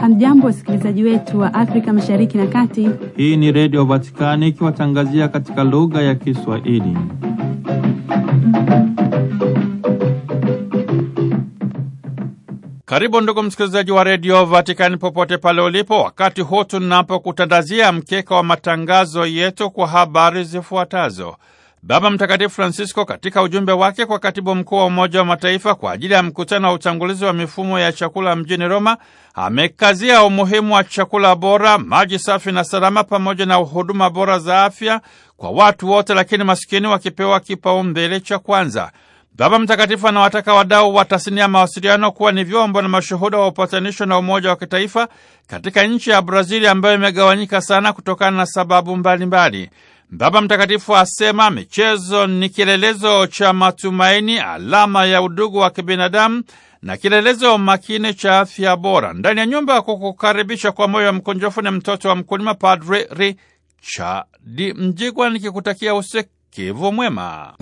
Hamjambo, wasikilizaji wetu wa Afrika Mashariki na Kati. Hii ni Redio Vatikani ikiwatangazia katika lugha ya Kiswahili. Karibu ndugu msikilizaji wa Redio Vatikani popote pale ulipo, wakati huu tunapokutandazia mkeka wa matangazo yetu kwa habari zifuatazo. Baba Mtakatifu Francisco katika ujumbe wake kwa katibu mkuu wa Umoja wa Mataifa kwa ajili ya mkutano wa utangulizi wa mifumo ya chakula mjini Roma amekazia umuhimu wa chakula bora, maji safi na salama, pamoja na huduma bora za afya kwa watu wote, lakini masikini wakipewa kipaumbele cha kwanza. Baba Mtakatifu anawataka wadau wa tasnia ya mawasiliano kuwa ni vyombo na mashuhuda wa upatanisho na umoja wa kitaifa katika nchi ya Brazili ambayo imegawanyika sana kutokana na sababu mbalimbali mbali. Baba Mtakatifu asema michezo ni kielelezo cha matumaini, alama ya udugu wa kibinadamu na kielelezo makini cha afya bora. Ndani ya nyumba ya kukukaribisha kwa moyo mkunjofu ni mtoto wa mkulima, Padre Richadi Mjigwa, nikikutakia usikivu mwema.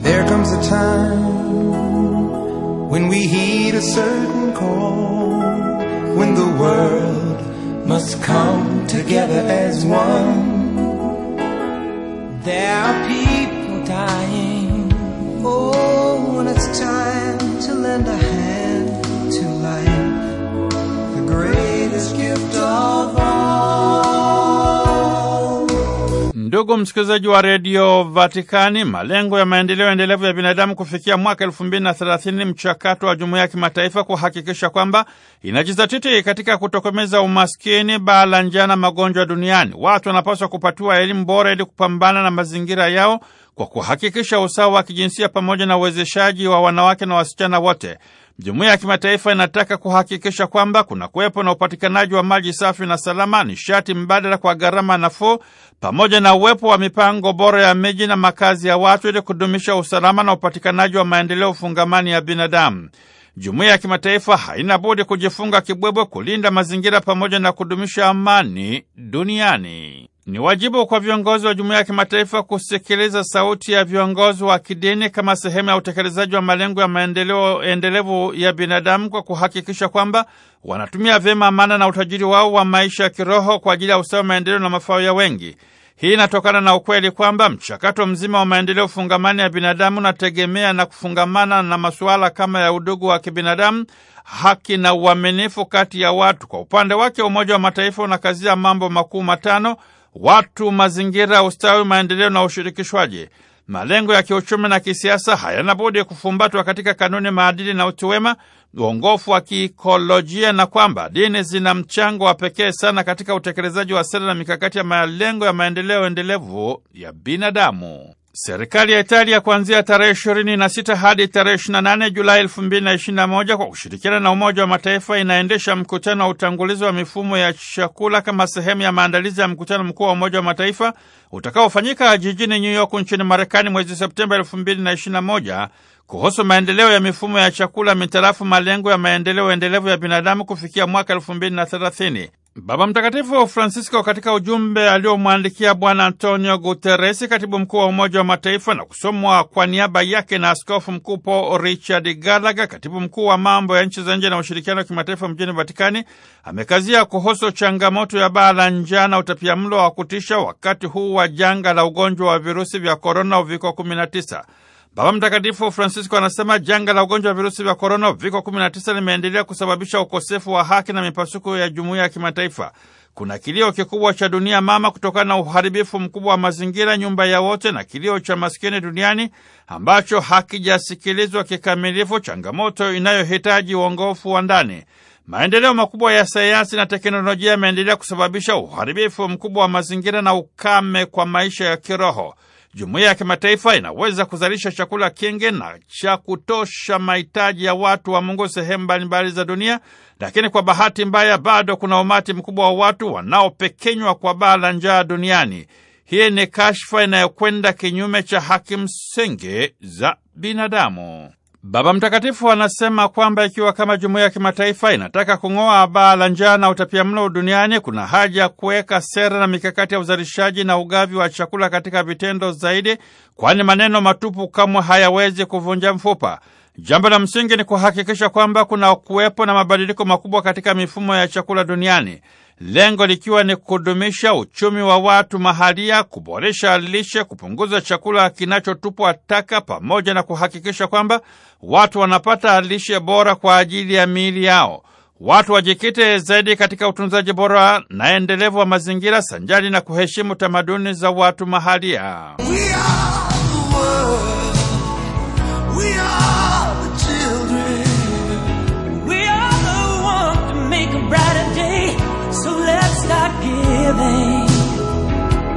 must come together as one There are people dying. Oh, when it's time to lend a hand to life, the greatest gift of all. Ndugu msikilizaji wa redio Vatikani, malengo ya maendeleo endelevu ya binadamu kufikia mwaka elfu mbili na thelathini, mchakato wa jumuiya ya kimataifa kuhakikisha kwamba inajizatiti katika kutokomeza umaskini, baa la njaa na magonjwa duniani. Watu wanapaswa kupatiwa elimu bora ili kupambana na mazingira yao kwa kuhakikisha usawa wa kijinsia pamoja na uwezeshaji wa wanawake na wasichana wote. Jumuiya ya kimataifa inataka kuhakikisha kwamba kuna kuwepo na upatikanaji wa maji safi na salama, nishati mbadala kwa gharama nafuu, pamoja na uwepo wa mipango bora ya miji na makazi ya watu ili kudumisha usalama na upatikanaji wa maendeleo fungamani ya binadamu. Jumuiya ya kimataifa haina budi kujifunga kibwebwe kulinda mazingira pamoja na kudumisha amani duniani. Ni wajibu kwa viongozi wa jumuiya ya kimataifa kusikiliza sauti ya viongozi wa kidini kama sehemu ya utekelezaji wa malengo ya maendeleo endelevu ya binadamu kwa kuhakikisha kwamba wanatumia vyema amana na utajiri wao wa maisha ya kiroho kwa ajili ya usawa, maendeleo na mafao ya wengi. Hii inatokana na ukweli kwamba mchakato mzima wa maendeleo fungamani ya binadamu unategemea na kufungamana na masuala kama ya udugu wa kibinadamu, haki na uaminifu kati ya watu. Kwa upande wake, Umoja wa Mataifa unakazia mambo makuu matano watu, mazingira, ustawi, maendeleo na ushirikishwaji. Malengo ya kiuchumi na kisiasa hayana budi kufumbatwa katika kanuni, maadili na utu wema, uongofu wa kiikolojia, na kwamba dini zina mchango wa pekee sana katika utekelezaji wa sera na mikakati ya malengo ya maendeleo endelevu ya binadamu. Serikali ya Italia kuanzia tarehe 26 hadi tarehe 28 Julai 2021 kwa kushirikiana na Umoja wa Mataifa inaendesha mkutano wa utangulizi wa mifumo ya chakula kama sehemu ya maandalizi ya mkutano mkuu wa Umoja wa Mataifa utakaofanyika jijini New York nchini Marekani mwezi Septemba 2021 kuhusu maendeleo ya mifumo ya chakula mitarafu malengo ya maendeleo endelevu ya binadamu kufikia mwaka 2030. Baba Mtakatifu Francisco katika ujumbe aliomwandikia Bwana Antonio Guteresi, katibu mkuu wa Umoja wa Mataifa, na kusomwa kwa niaba yake na askofu mkuu Paul Richard Gallagher, katibu mkuu wa mambo ya nchi za nje na ushirikiano wa kimataifa mjini Vatikani, amekazia kuhusu changamoto ya baa la njaa na utapiamlo wa kutisha wakati huu wa janga la ugonjwa wa virusi vya korona, uviko 19. Baba Mtakatifu Francisco anasema janga la ugonjwa wa virusi vya korona uviko 19 limeendelea kusababisha ukosefu wa haki na mipasuko ya jumuiya ya kimataifa. Kuna kilio kikubwa cha dunia mama kutokana na uharibifu mkubwa wa mazingira, nyumba ya wote, na kilio cha maskini duniani ambacho hakijasikilizwa kikamilifu, changamoto inayohitaji uongofu wa ndani. Maendeleo makubwa ya sayansi na teknolojia yameendelea kusababisha uharibifu mkubwa wa mazingira na ukame kwa maisha ya kiroho jumuiya ya kimataifa inaweza kuzalisha chakula kingi na cha kutosha mahitaji ya watu wa Mungu sehemu mbalimbali za dunia, lakini kwa bahati mbaya bado kuna umati mkubwa wa watu wanaopekenywa kwa baa la njaa duniani. Hii ni kashfa inayokwenda kinyume cha haki msingi za binadamu. Baba Mtakatifu anasema kwamba ikiwa kama jumuiya ya kimataifa inataka kung'oa baa la njaa na mlo duniani, kuna haja ya kuweka sera na mikakati ya uzalishaji na ugavi wa chakula katika vitendo zaidi, kwani maneno matupu kamwe hayawezi kuvunja mfupa. Jambo la msingi ni kuhakikisha kwamba kuna kuwepo na mabadiliko makubwa katika mifumo ya chakula duniani, lengo likiwa ni kudumisha uchumi wa watu mahalia, kuboresha lishe, kupunguza chakula kinachotupwa taka, pamoja na kuhakikisha kwamba watu wanapata lishe bora kwa ajili ya miili yao. Watu wajikite zaidi katika utunzaji bora na endelevu wa mazingira sanjari na kuheshimu tamaduni za watu mahalia.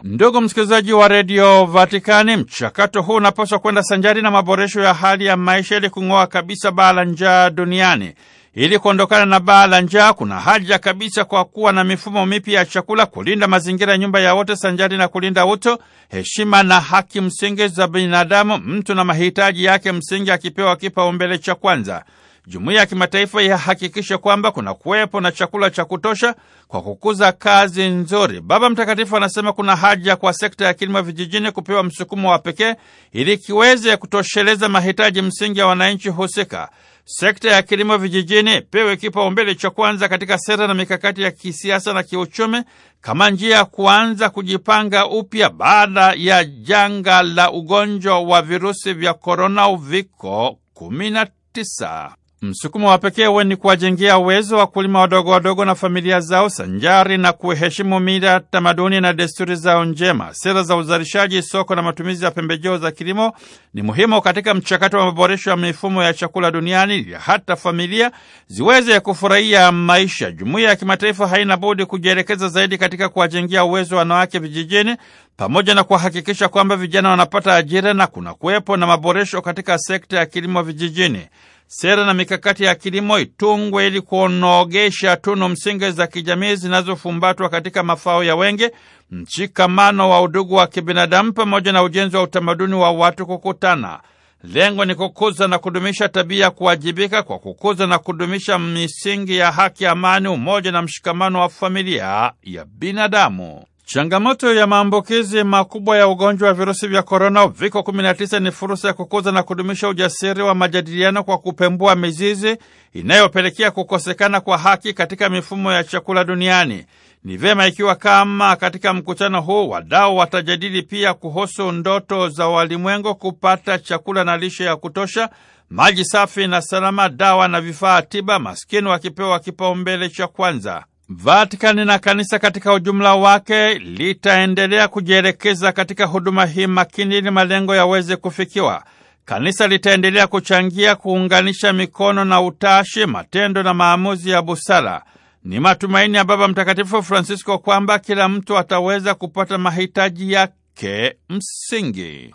Ndugu msikilizaji wa redio Vatikani, mchakato huu unapaswa kwenda sanjari na maboresho ya hali ya maisha ili kung'oa kabisa baa la njaa duniani. Ili kuondokana na baa la njaa, kuna haja kabisa kwa kuwa na mifumo mipya ya chakula, kulinda mazingira, nyumba ya wote, sanjari na kulinda utu, heshima na haki msingi za binadamu, mtu na mahitaji yake msingi akipewa kipaumbele cha kwanza jumuiya ya kimataifa ihakikishe kwamba kuna kuwepo na chakula cha kutosha kwa kukuza kazi nzuri. Baba Mtakatifu anasema kuna haja kwa sekta ya kilimo vijijini kupewa msukumo wa pekee ili kiweze kutosheleza mahitaji msingi ya wananchi husika. Sekta ya kilimo vijijini pewe kipaumbele cha kwanza katika sera na mikakati ya kisiasa na kiuchumi kama njia ya kuanza kujipanga upya baada ya janga la ugonjwa wa virusi vya korona uviko 19. Msukumo wa pekee huwe ni kuwajengea uwezo wa kulima wadogo wadogo na familia zao sanjari na kuheshimu mila, tamaduni na desturi zao njema. Sera za uzalishaji, soko na matumizi ya pembejeo za kilimo ni muhimu katika mchakato wa maboresho ya mifumo ya chakula duniani ili hata familia ziweze kufurahia maisha. Jumuiya ya kimataifa haina budi kujielekeza zaidi katika kuwajengea uwezo wanawake vijijini pamoja na kuhakikisha kwamba vijana wanapata ajira na kuna kuwepo na maboresho katika sekta ya kilimo vijijini. Sera na mikakati ya kilimo itungwe ili kuonogesha tunu msingi za kijamii zinazofumbatwa katika mafao ya wengi, mshikamano wa udugu wa kibinadamu pamoja na ujenzi wa utamaduni wa watu kukutana. Lengo ni kukuza na kudumisha tabia ya kuwajibika kwa kukuza na kudumisha misingi ya haki, amani, umoja na mshikamano wa familia ya binadamu. Changamoto ya maambukizi makubwa ya ugonjwa wa virusi vya korona uviko 19 ni fursa ya kukuza na kudumisha ujasiri wa majadiliano kwa kupembua mizizi inayopelekea kukosekana kwa haki katika mifumo ya chakula duniani. Ni vyema ikiwa kama katika mkutano huu wadau watajadili pia kuhusu ndoto za walimwengu: kupata chakula na lishe ya kutosha, maji safi na salama, dawa na vifaa tiba, maskini wakipewa kipaumbele cha kwanza. Vatikani na kanisa katika ujumla wake litaendelea kujielekeza katika huduma hii makini ili malengo yaweze kufikiwa. Kanisa litaendelea kuchangia kuunganisha mikono na utashi, matendo na maamuzi ya busara. Ni matumaini ya Baba Mtakatifu Francisco kwamba kila mtu ataweza kupata mahitaji yake msingi.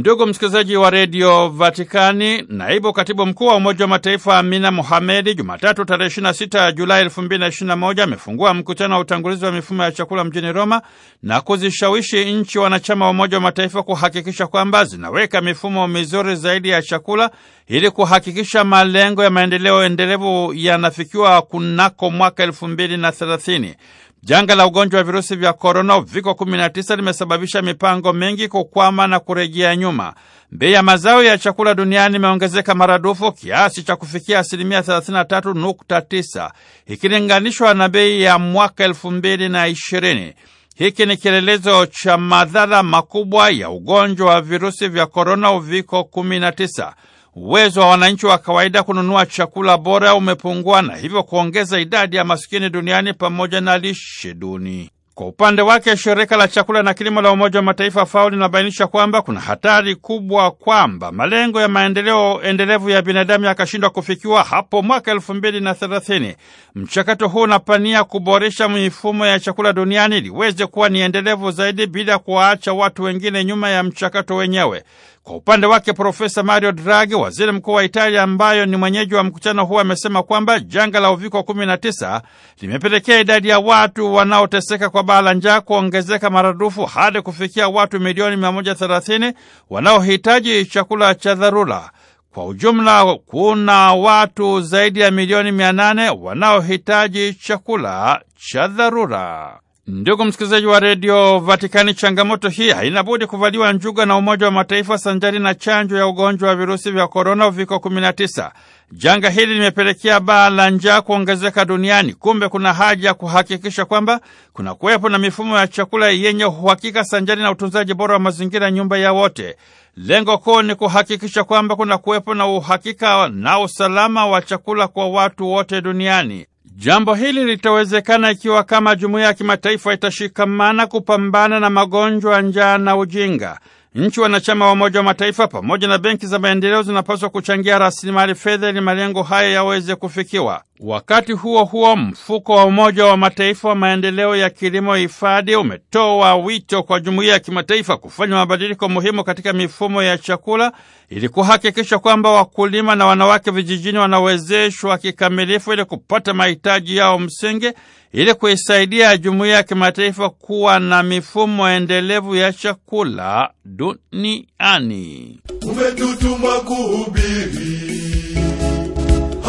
Ndugu msikilizaji wa redio Vatikani, naibu katibu mkuu wa Umoja wa Mataifa Amina Mohamedi Jumatatu tarehe 26 Julai 2021 amefungua mkutano wa utangulizi wa mifumo ya chakula mjini Roma na kuzishawishi nchi wanachama wa Umoja wa Mataifa kuhakikisha kwamba zinaweka mifumo mizuri zaidi ya chakula ili kuhakikisha malengo ya maendeleo endelevu yanafikiwa kunako mwaka 2030. Janga la ugonjwa wa virusi vya korona uviko 19 limesababisha mipango mingi kukwama na kurejea nyuma. Bei ya mazao ya chakula duniani imeongezeka maradufu kiasi cha kufikia asilimia 33.9 ikilinganishwa na bei ya mwaka 2020. Hiki ni kielelezo cha madhara makubwa ya ugonjwa wa virusi vya korona uviko 19. Uwezo wa wananchi wa kawaida kununua chakula bora umepungua na hivyo kuongeza idadi ya masikini duniani pamoja na lishe duni. Kwa upande wake, shirika la chakula na kilimo la Umoja wa Mataifa FAO linabainisha kwamba kuna hatari kubwa kwamba malengo ya maendeleo endelevu ya binadamu yakashindwa kufikiwa hapo mwaka elfu mbili na thelathini. Mchakato huu unapania kuboresha mifumo ya chakula duniani liweze kuwa ni endelevu zaidi bila kuwaacha watu wengine nyuma ya mchakato wenyewe. Kwa upande wake, Profesa Mario Draghi, waziri mkuu wa Italia ambayo ni mwenyeji wa mkutano huo, amesema kwamba janga la uviko 19 limepelekea idadi ya watu wanaoteseka kwa baa la njaa kuongezeka maradufu hadi kufikia watu milioni 130 wanaohitaji chakula cha dharura. Kwa ujumla kuna watu zaidi ya milioni 8 wanaohitaji chakula cha dharura. Ndugu msikilizaji wa redio Vatikani, changamoto hii haina budi kuvaliwa njuga na Umoja wa Mataifa sanjari na chanjo ya ugonjwa wa virusi vya korona uviko 19. Janga hili limepelekea baa la njaa kuongezeka duniani. Kumbe kuna haja ya kuhakikisha kwamba kuna kuwepo na mifumo ya chakula yenye uhakika sanjari na utunzaji bora wa mazingira, nyumba ya wote. Lengo kuu ni kuhakikisha kwamba kuna kuwepo na uhakika na usalama wa chakula kwa watu wote duniani. Jambo hili litawezekana ikiwa kama jumuiya ya kimataifa itashikamana kupambana na magonjwa, njaa na ujinga. Nchi wanachama wa Umoja wa Mataifa pamoja na benki za maendeleo zinapaswa kuchangia rasilimali fedha ili malengo haya yaweze kufikiwa. Wakati huo huo, mfuko wa Umoja wa Mataifa wa maendeleo ya kilimo hifadhi umetoa wito kwa jumuiya ya kimataifa kufanya mabadiliko muhimu katika mifumo ya chakula ili kuhakikisha kwamba wakulima na wanawake vijijini wanawezeshwa kikamilifu ili kupata mahitaji yao msingi ili kuisaidia jumuiya ya kimataifa kuwa na mifumo endelevu ya chakula duniani. Umetutuma kuhubiri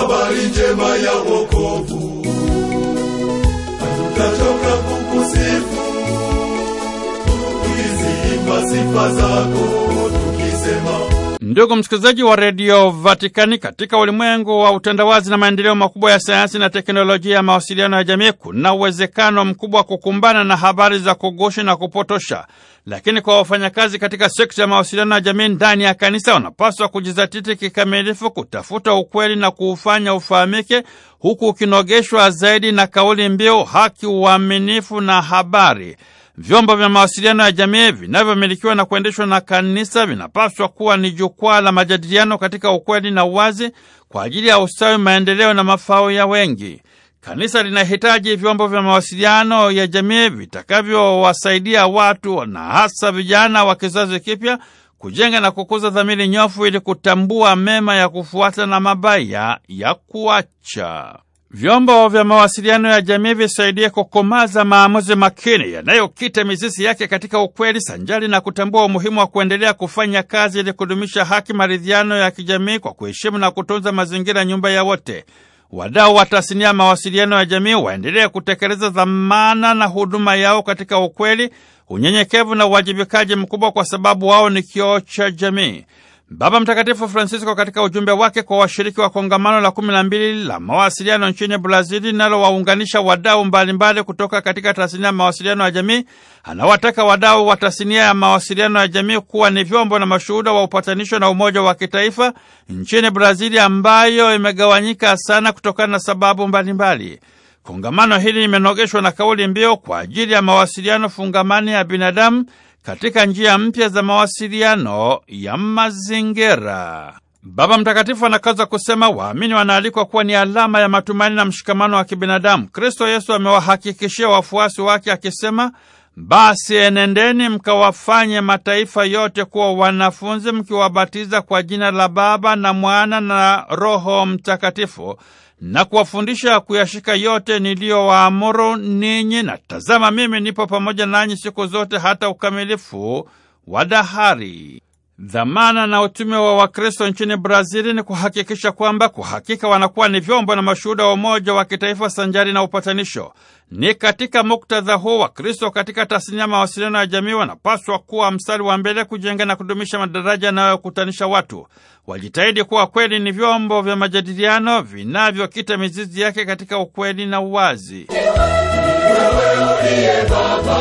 habari njema ya wokovu hatutachoka kukusifu tukiziimba sifa zako tukisema Ndugu msikilizaji wa redio Vatikani, katika ulimwengu wa utandawazi na maendeleo makubwa ya sayansi na teknolojia ya mawasiliano ya jamii, kuna uwezekano mkubwa wa kukumbana na habari za kugushi na kupotosha, lakini kwa wafanyakazi katika sekta ya mawasiliano ya jamii ndani ya kanisa, wanapaswa kujizatiti kikamilifu kutafuta ukweli na kuufanya ufahamike, huku ukinogeshwa zaidi na kauli mbiu haki, uaminifu na habari. Vyombo vya mawasiliano ya jamii vinavyomilikiwa na kuendeshwa na kanisa vinapaswa kuwa ni jukwaa la majadiliano katika ukweli na uwazi kwa ajili ya ustawi, maendeleo na mafao ya wengi. Kanisa linahitaji vyombo vya mawasiliano ya jamii vitakavyowasaidia watu na hasa vijana wa kizazi kipya kujenga na kukuza dhamiri nyofu ili kutambua mema ya kufuata na mabaya ya kuacha vyombo vya mawasiliano ya jamii visaidie kukomaza maamuzi makini yanayokita mizizi yake katika ukweli sanjali na kutambua umuhimu wa kuendelea kufanya kazi ili kudumisha haki, maridhiano ya kijamii kwa kuheshimu na kutunza mazingira, nyumba ya wote. Wadau wa tasnia ya mawasiliano ya jamii waendelee kutekeleza dhamana na huduma yao katika ukweli, unyenyekevu na uwajibikaji mkubwa, kwa sababu wao ni kioo cha jamii. Baba Mtakatifu Francisco katika ujumbe wake kwa washiriki wa kongamano la kumi na mbili la mawasiliano nchini Brazili linalowaunganisha wadau mbalimbali kutoka katika tasnia ya mawasiliano ya jamii, anawataka wadau wa tasnia ya mawasiliano ya jamii kuwa ni vyombo na mashuhuda wa upatanisho na umoja wa kitaifa nchini Brazili ambayo imegawanyika sana kutokana na sababu mbalimbali mbali. Kongamano hili limenogeshwa na kauli mbiu kwa ajili ya mawasiliano fungamani ya binadamu katika njia mpya za mawasiliano ya mazingira. Baba Mtakatifu anakaza kusema waamini wanaalikwa kuwa ni alama ya matumaini na mshikamano wa kibinadamu. Kristo Yesu amewahakikishia wafuasi wake akisema, basi enendeni mkawafanye mataifa yote kuwa wanafunzi, mkiwabatiza kwa jina la Baba na Mwana na Roho Mtakatifu, na kuwafundisha kuyashika yote niliyowaamuru ninyi, na tazama, mimi nipo pamoja nanyi siku zote hata ukamilifu wa dahari. Dhamana na utume wa Wakristo nchini Brazili ni kuhakikisha kwamba kwa hakika wanakuwa ni vyombo na mashuhuda wa umoja wa kitaifa sanjari na upatanisho. Ni katika muktadha huu, Wakristo katika tasnia ya mawasiliano ya jamii wanapaswa kuwa mstari wa mbele kujenga na kudumisha madaraja yanayokutanisha watu. Wajitahidi kuwa kweli ni vyombo vya majadiliano vinavyokita mizizi yake katika ukweli na uwazi. Wewe uliye Baba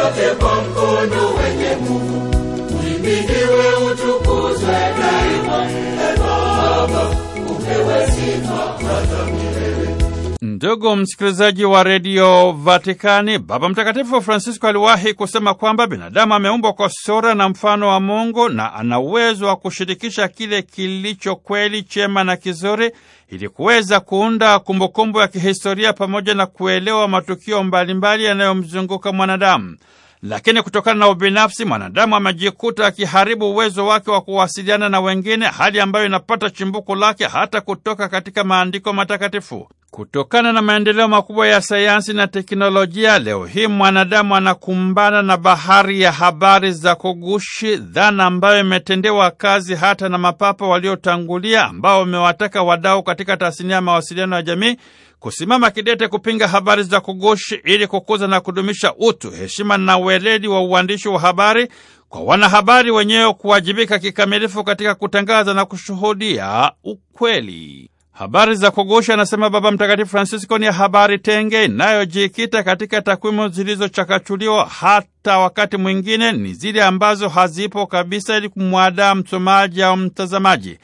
zote kwa mkono wenye nguvu. Uhimidiwe, utukuzwe daima, e Baba, upewe sifa hata milele. Ndugu msikilizaji wa redio Vatikani, Baba Mtakatifu Francisco aliwahi kusema kwamba binadamu ameumbwa kwa sura na mfano wa Mungu na ana uwezo wa kushirikisha kile kilicho kweli, chema na kizuri ili kuweza kuunda kumbukumbu ya kihistoria pamoja na kuelewa matukio mbalimbali yanayomzunguka mwanadamu. Lakini kutokana na ubinafsi, mwanadamu amejikuta akiharibu uwezo wake wa kuwasiliana na wengine, hali ambayo inapata chimbuko lake hata kutoka katika maandiko matakatifu. Kutokana na maendeleo makubwa ya sayansi na teknolojia, leo hii mwanadamu anakumbana na bahari ya habari za kugushi, dhana ambayo imetendewa kazi hata na mapapa waliotangulia, ambao wamewataka wadau katika tasnia ya mawasiliano ya jamii kusimama kidete kupinga habari za kugushi ili kukuza na kudumisha utu, heshima na ueledi wa uandishi wa habari, kwa wanahabari wenyewe kuwajibika kikamilifu katika kutangaza na kushuhudia ukweli. Habari za kugusha, anasema Baba Mtakatifu Francisco, ni habari tenge inayojikita katika takwimu zilizochakachuliwa, hata wakati mwingine ni zile ambazo hazipo kabisa, ili kumwadaa msomaji au mtazamaji.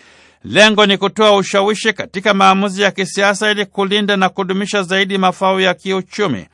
Lengo ni kutoa ushawishi katika maamuzi ya kisiasa, ili kulinda na kudumisha zaidi mafao ya kiuchumi.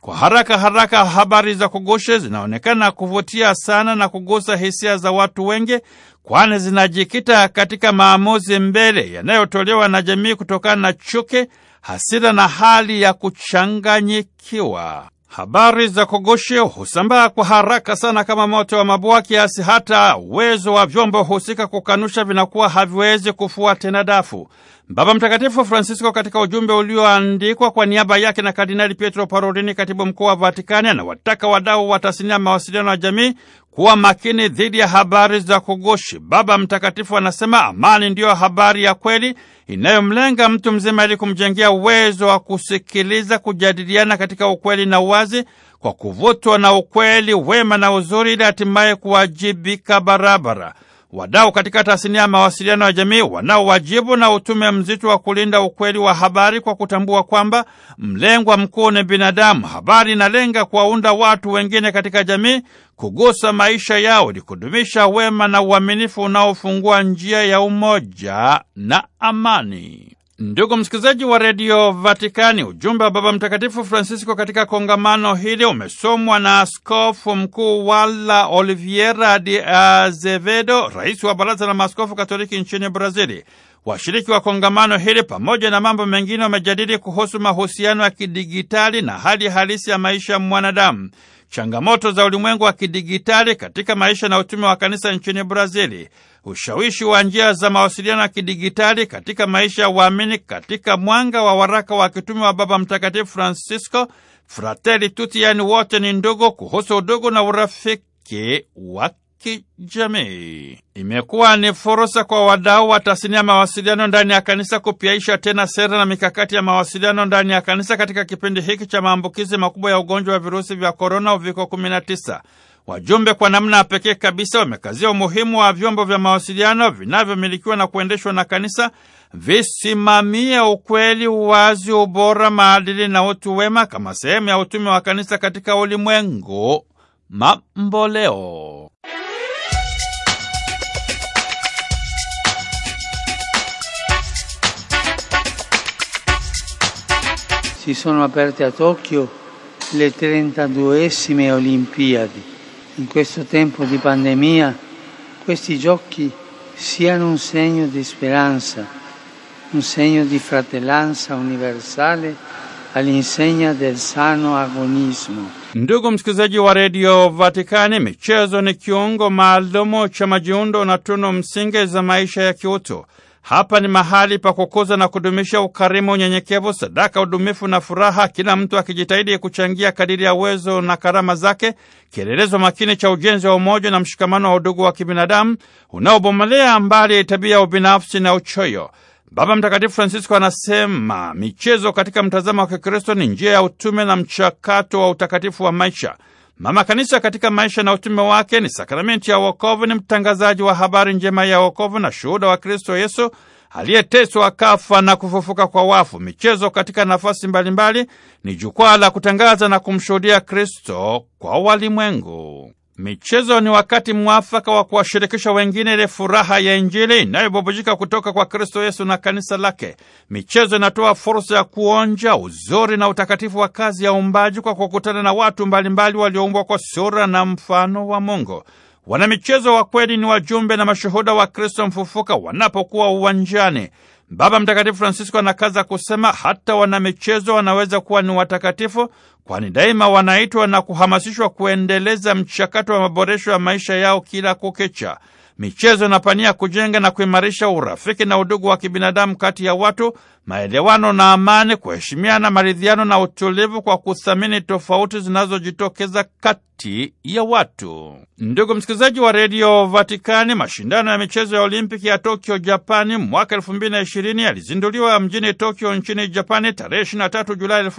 Kwa haraka haraka, habari za kugusha zinaonekana kuvutia sana na kugusa hisia za watu wengi kwani zinajikita katika maamuzi mbele yanayotolewa na jamii kutokana na chuki, hasira na hali ya kuchanganyikiwa. Habari za kogoshi husambaa kwa haraka sana kama moto wa mabua, kiasi hata uwezo wa vyombo husika kukanusha vinakuwa haviwezi kufua tena dafu. Baba Mtakatifu Francisco katika ujumbe ulioandikwa kwa niaba yake na Kardinali Pietro Parolini, katibu mkuu wa Vatikani, anawataka wadau wa tasnia mawasiliano ya jamii kuwa makini dhidi ya habari za kugushi. Baba Mtakatifu anasema amani ndiyo habari ya kweli inayomlenga mtu mzima ili kumjengea uwezo wa kusikiliza, kujadiliana katika ukweli na uwazi, kwa kuvutwa na ukweli, wema na uzuri, ili hatimaye kuwajibika barabara wadau katika tasnia ya mawasiliano ya jamii wanao wajibu na utume mzito wa kulinda ukweli wa habari kwa kutambua kwamba mlengwa mkuu ni binadamu. Habari inalenga kuwaunda watu wengine katika jamii, kugusa maisha yao, ni kudumisha wema na uaminifu unaofungua njia ya umoja na amani. Ndugu msikilizaji wa redio Vatikani, ujumbe wa Baba Mtakatifu Francisco katika kongamano hili umesomwa na askofu mkuu wala oliviera de Azevedo, rais wa baraza la maaskofu katoliki nchini Brazili. Washiriki wa kongamano hili pamoja na mambo mengine wamejadili kuhusu mahusiano ya kidigitali na hali halisi ya maisha ya mwanadamu changamoto za ulimwengu wa kidigitali katika maisha na utume wa kanisa nchini Brazili, ushawishi wa njia za mawasiliano ya kidigitali katika maisha ya waamini katika mwanga wa waraka wa kitume wa Baba Mtakatifu Francisco Fratelli Tutti, yani wote ni ndugu, kuhusu udugu na urafiki wa kijamii. Imekuwa ni fursa kwa wadau wa tasnia ya mawasiliano ndani ya kanisa kupiaisha tena sera na mikakati ya mawasiliano ndani ya kanisa katika kipindi hiki cha maambukizi makubwa ya ugonjwa wa virusi vya korona uviko 19. Wajumbe kwa namna ya pekee kabisa wamekazia umuhimu wa vyombo vya mawasiliano vinavyomilikiwa na kuendeshwa na kanisa visimamie ukweli, uwazi, ubora, maadili na utu wema kama sehemu ya utume wa kanisa katika ulimwengu mamboleo. si sono aperte a Tokyo le 32esime Olimpiadi. In questo tempo di pandemia questi giochi siano un segno di speranza, un segno di fratellanza universale all'insegna del sano agonismo. Ndugu msikilizaji wa redio Vatikani, michezo ni kiungo maalumu cha majiundo na tunu msingi za maisha ya kiutu. Hapa ni mahali pa kukuza na kudumisha ukarimu, unyenyekevu, sadaka, udumifu na furaha, kila mtu akijitahidi kuchangia kadiri ya uwezo na karama zake, kielelezo makini cha ujenzi wa umoja na mshikamano wa udugu wa kibinadamu unaobomelea mbali tabia ya ubinafsi na uchoyo. Baba Mtakatifu Francisco anasema michezo katika mtazamo wa Kikristo ni njia ya utume na mchakato wa utakatifu wa maisha. Mama Kanisa katika maisha na utume wake ni sakramenti ya wokovu, ni mtangazaji wa habari njema ya wokovu na shuhuda wa Kristo Yesu aliyeteswa kafa na kufufuka kwa wafu. Michezo katika nafasi mbalimbali ni jukwaa la kutangaza na kumshuhudia Kristo kwa walimwengu. Michezo ni wakati mwafaka wa kuwashirikisha wengine ile furaha ya Injili inayobubujika kutoka kwa Kristo Yesu na kanisa lake. Michezo inatoa fursa ya kuonja uzuri na utakatifu wa kazi ya uumbaji kwa kukutana na watu mbalimbali walioumbwa kwa sura na mfano wa Mungu. Wanamichezo wa kweli ni wajumbe na mashuhuda wa Kristo mfufuka wanapokuwa uwanjani. Baba Mtakatifu Francisco anakaza kusema hata wanamichezo wanaweza kuwa ni watakatifu, kwani daima wanaitwa na kuhamasishwa kuendeleza mchakato wa maboresho ya maisha yao kila kukicha. Michezo inapania kujenga na kuimarisha urafiki na udugu wa kibinadamu kati ya watu, maelewano na amani, kuheshimiana, maridhiano na utulivu kwa kuthamini tofauti zinazojitokeza kati ya watu. Ndugu msikilizaji wa redio Vatikani, mashindano ya michezo ya Olimpiki ya Tokyo, Japani mwaka ishirini yalizinduliwa mjini Tokyo nchini Japani tarehe tatu Julai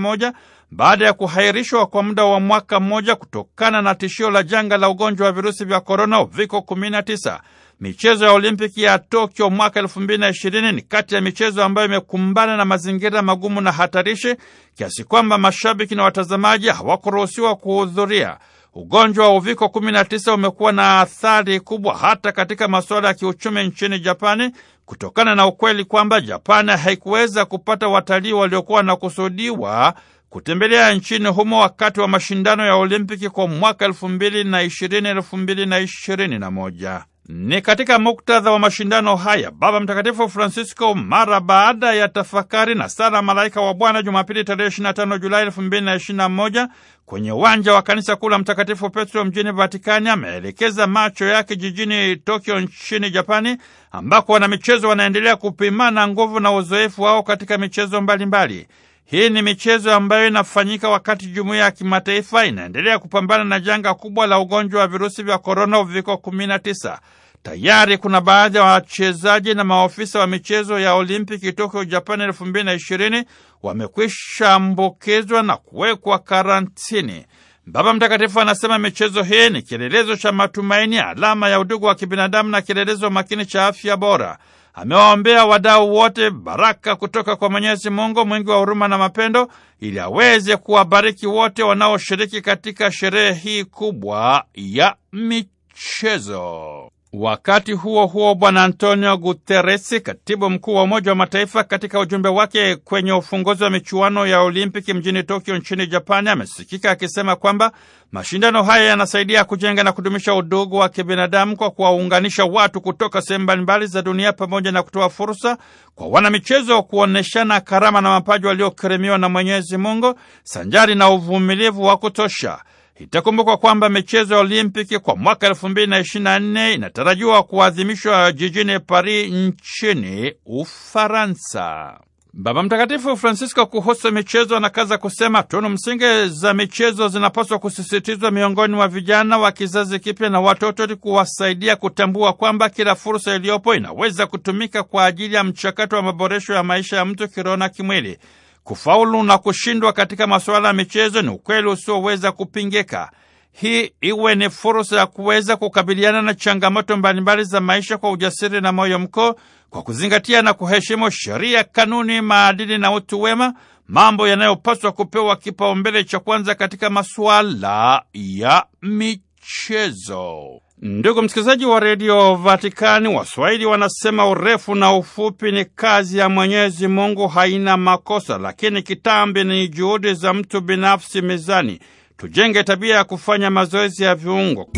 moja baada ya kuhairishwa kwa muda wa mwaka mmoja kutokana na tishio la janga la ugonjwa wa virusi vya korona uviko 19. Michezo ya Olimpiki ya Tokyo mwaka 2020 ni kati ya michezo ambayo imekumbana na mazingira magumu na hatarishi kiasi kwamba mashabiki na watazamaji hawakuruhusiwa kuhudhuria. Ugonjwa wa uviko 19 umekuwa na athari kubwa hata katika masuala ya kiuchumi nchini Japani kutokana na ukweli kwamba Japani haikuweza kupata watalii waliokuwa na kusudiwa kutembelea nchini humo wakati wa mashindano ya Olimpiki kwa mwaka elfu mbili na ishirini elfu mbili na ishirini na moja. Ni katika muktadha wa mashindano haya Baba Mtakatifu Francisco, mara baada ya tafakari na sala Malaika wa Bwana Jumapili tarehe 25 Julai 2021 kwenye uwanja wa kanisa kuu la Mtakatifu Petro mjini Vatikani, ameelekeza macho yake jijini Tokyo nchini Japani, ambako wanamichezo wanaendelea kupimana nguvu na uzoefu wao katika michezo mbalimbali mbali. Hii ni michezo ambayo inafanyika wakati jumuiya ya kimataifa inaendelea kupambana na janga kubwa la ugonjwa wa virusi vya korona uviko 19. Tayari kuna baadhi ya wachezaji na maofisa wa michezo ya Olimpiki Tokyo, Japani 2020 wamekwisha ambukizwa na kuwekwa karantini. Baba Mtakatifu anasema michezo hii ni kielelezo cha matumaini, alama ya udugu wa kibinadamu na kielelezo makini cha afya bora. Amewaombea wadau wote baraka kutoka kwa Mwenyezi Mungu mwingi wa huruma na mapendo, ili aweze kuwabariki wote wanaoshiriki katika sherehe hii kubwa ya michezo. Wakati huo huo, Bwana Antonio Guteresi, katibu mkuu wa Umoja wa Mataifa, katika ujumbe wake kwenye ufunguzi wa michuano ya Olimpiki mjini Tokyo nchini Japani, amesikika akisema kwamba mashindano haya yanasaidia kujenga na kudumisha udugu wa kibinadamu kwa kuwaunganisha watu kutoka sehemu mbalimbali za dunia pamoja na kutoa fursa kwa wanamichezo kuonyeshana karama na mapaji waliokirimiwa na Mwenyezi Mungu sanjari na uvumilivu wa kutosha. Itakumbukwa kwamba michezo ya Olimpiki kwa mwaka elfu mbili na ishirini na nne inatarajiwa kuadhimishwa jijini Paris nchini Ufaransa. Baba Mtakatifu Francisco kuhusu michezo anakaza kusema tunu msingi za michezo zinapaswa kusisitizwa miongoni mwa vijana wa kizazi kipya na watoto ili kuwasaidia kutambua kwamba kila fursa iliyopo inaweza kutumika kwa ajili ya mchakato wa maboresho ya maisha ya mtu kiroho na kimwili. Kufaulu na kushindwa katika masuala ya michezo ni ukweli usioweza kupingika. Hii iwe ni fursa ya kuweza kukabiliana na changamoto mbalimbali za maisha kwa ujasiri na moyo mkuu, kwa kuzingatia na kuheshimu sheria, kanuni, maadili na utu wema, mambo yanayopaswa kupewa kipaumbele cha kwanza katika masuala ya michezo. Ndugu msikilizaji wa redio Vatikani, Waswahili wanasema urefu na ufupi ni kazi ya Mwenyezi Mungu, haina makosa, lakini kitambi ni juhudi za mtu binafsi mezani. Tujenge tabia ya kufanya mazoezi ya viungo.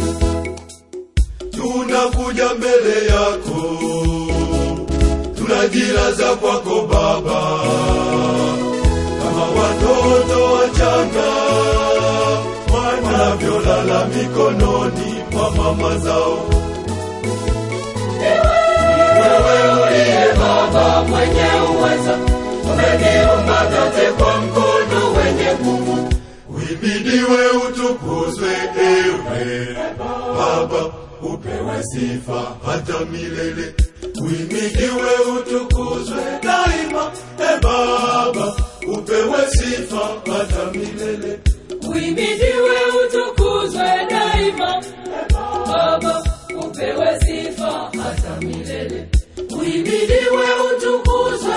Tunakuja mbele yako, tunajilaza kwako Baba kama watoto wachanga wanavyolala mikononi wa mama zao. Wewe uliye Baba mwenye uweza, umeniumba vyote kwa mkono wenye nguvu. Uhimidiwe, utukuzwe, ewe Baba, upewe sifa hata milele. Uhimidiwe, utukuzwe daima, e Baba, upewe sifa hata milele. Uhimidiwe, utukuzwe daima upewe sifa hata milele uibidiwe utukuzwe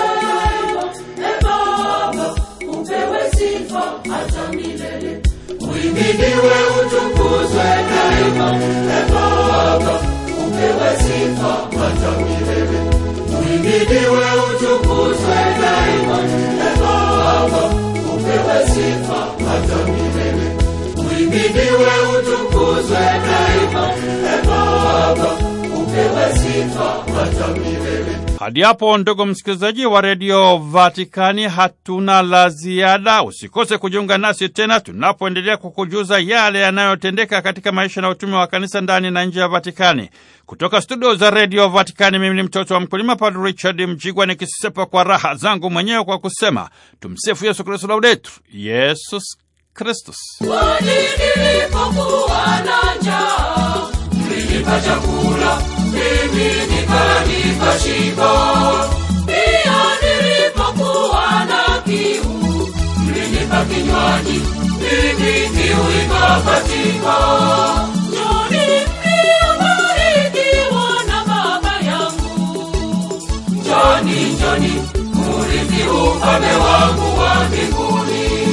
e baba upewe sifa hata milele uibidiwe utukuzwe daima e baba upewe sifa hata milele uibidiwe utukuzwe daima e baba upewe sifa hata milele uhimidiwe, utukuzwe daima. E Baba, upewe sifa hata milele. Hadi hapo ndugu msikilizaji wa redio Vatikani, hatuna la ziada. Usikose kujiunga nasi tena tunapoendelea kukujuza yale yanayotendeka katika maisha na utume wa kanisa ndani na nje ya Vatikani. Kutoka studio za redio Vatikani, mimi ni mtoto wa mkulima Padre Richard Mjigwa, nikisepa kwa raha zangu mwenyewe kwa kusema tumsifu Yesu Kristu, laudetur Yesus Kristus. Nilipokuwa na njaa, mlinipa chakula, mimi nikanipa shiba. Pia nilipokuwa Njoni mliobarikiwa na yangu, njoni, njoni murithi ufalme wangu wa mbinguni.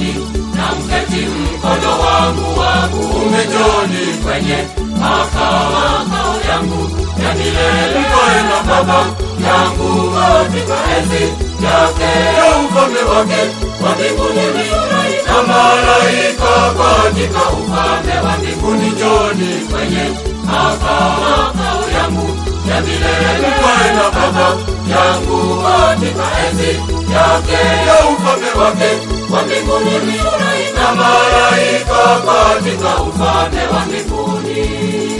mezani na mketi mkono wangu wa umejoni kwenye makao yangu ya milele mkoe baba yangu katika enzi yake ya ufalme wake wa mbinguni na malaika katika ufalme wa mbinguni joni kwenye makao yangu ya milele mkoe na baba yangu katika enzi yake ya ufalme wake wa mbinguni na malaika katika ufalme wa mbinguni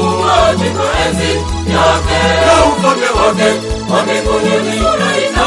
mapenzi yake na ufalme wake wa mbinguni unaita